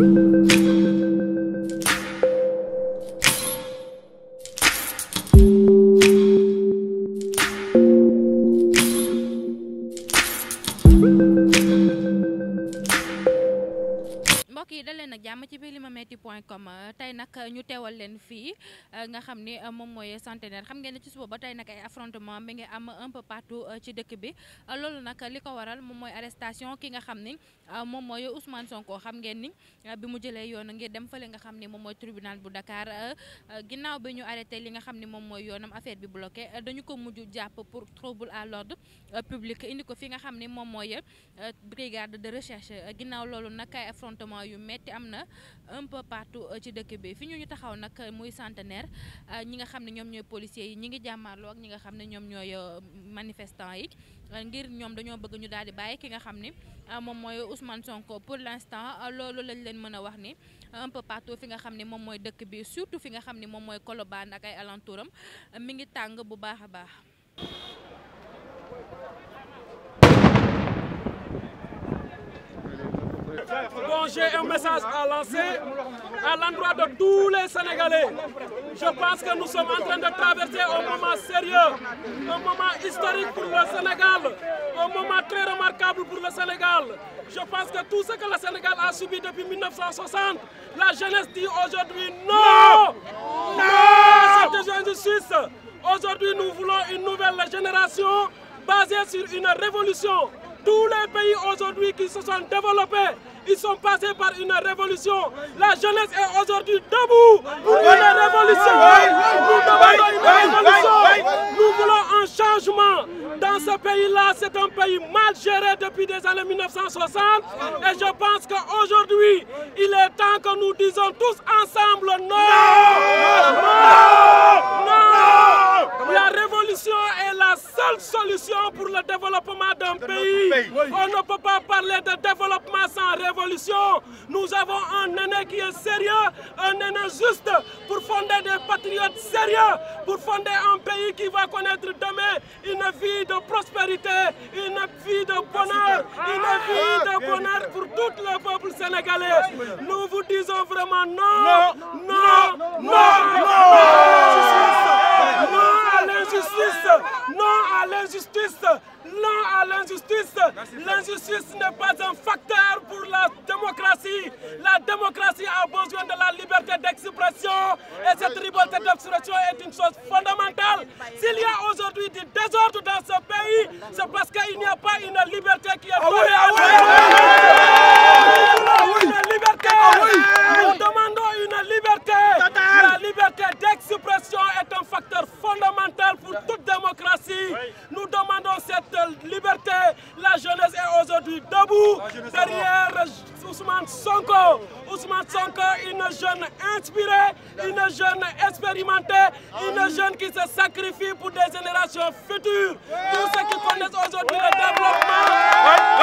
Thank you. mbokk yi daleen nag jàmm ci biir limametti point com euh, tey nag ñu teewal leen fii euh, nga xam ni euh, moom mooy centenaire xam ngeen ne ci suba ba tey nag ay affrontement mi ngi am un peu partout ci dëkk bi li ko waral moom mooy arrestation ki nga xam ni moom mooy Ousmane Sonko xam ngeen ni bi mu jëlee yoon ngir dem fële nga xam ni moom mooy tribunal bu Dakar ginnaaw bi ñu arrêté li nga xam ni moom mooy yoonam affaire bi bloqué dañu ko mujj jàpp pour trouble à l'ordre public indi ko fi nga xam ni moom mooy brigade de recherche metti amna un peu partout euh, ci dëkk bi fi ñu ñu taxaw nak euh, muy centenaire euh, ñi nga xamne ñom ñoy policier yi ñi ngi jamarlo ak ñi nga xamne ñom ñoy manifestant yi ngir ñom dañoo bëgg ñu daldi baye ki nga xamne mom moy Ousmane Sonko pour l'instant loolu lañ leen mëna wax ni un peu partout fi nga xamne mom moy dëkk bi surtout fi nga xamne mom moy Koloban ak ay alentouram mi ngi tang bu baaxa baax j'ai un message à lancer à l'endroit de tous les Sénégalais. Je pense que nous sommes en train de traverser un moment sérieux, un moment historique pour le Sénégal, un moment très remarquable pour le Sénégal. Je pense que tout ce que le Sénégal a subi depuis 1960, la jeunesse dit aujourd'hui non Non cette Aujourd'hui, nous voulons une nouvelle génération basée sur une révolution tous les pays aujourd'hui qui se sont développés, ils sont passés par une révolution. La jeunesse est aujourd'hui debout pour une révolution. Nous une révolution. Nous voulons un changement. Dans ce pays-là, c'est un pays mal géré depuis des années 1960. Et je pense qu'aujourd'hui, il est temps que nous disons tous ensemble non pour le développement d'un pays. On ne peut pas parler de développement sans révolution. Nous avons un aîné qui est sérieux, un aîné juste pour fonder des patriotes sérieux, pour fonder un pays qui va connaître demain une vie de prospérité, une vie de bonheur, une vie ah, de bonheur pour tout le peuple sénégalais. Nous vous disons vraiment non. non, non, non l'injustice. n'est pas un facteur pour la démocratie. La démocratie a besoin de la liberté d'expression et cette liberté d'expression est une chose fondamentale. S'il y a aujourd'hui du désordre dans ce pays, c'est parce qu'il n'y a pas une liberté qui est ah à ah Nous demandons cette liberté. La jeunesse est aujourd'hui debout derrière Ousmane Sonko. Ousmane Sonko, une jeune inspirée, une jeune expérimentée, une jeune qui se sacrifie pour des générations futures. Tous ceux qui connaissent aujourd'hui le développement.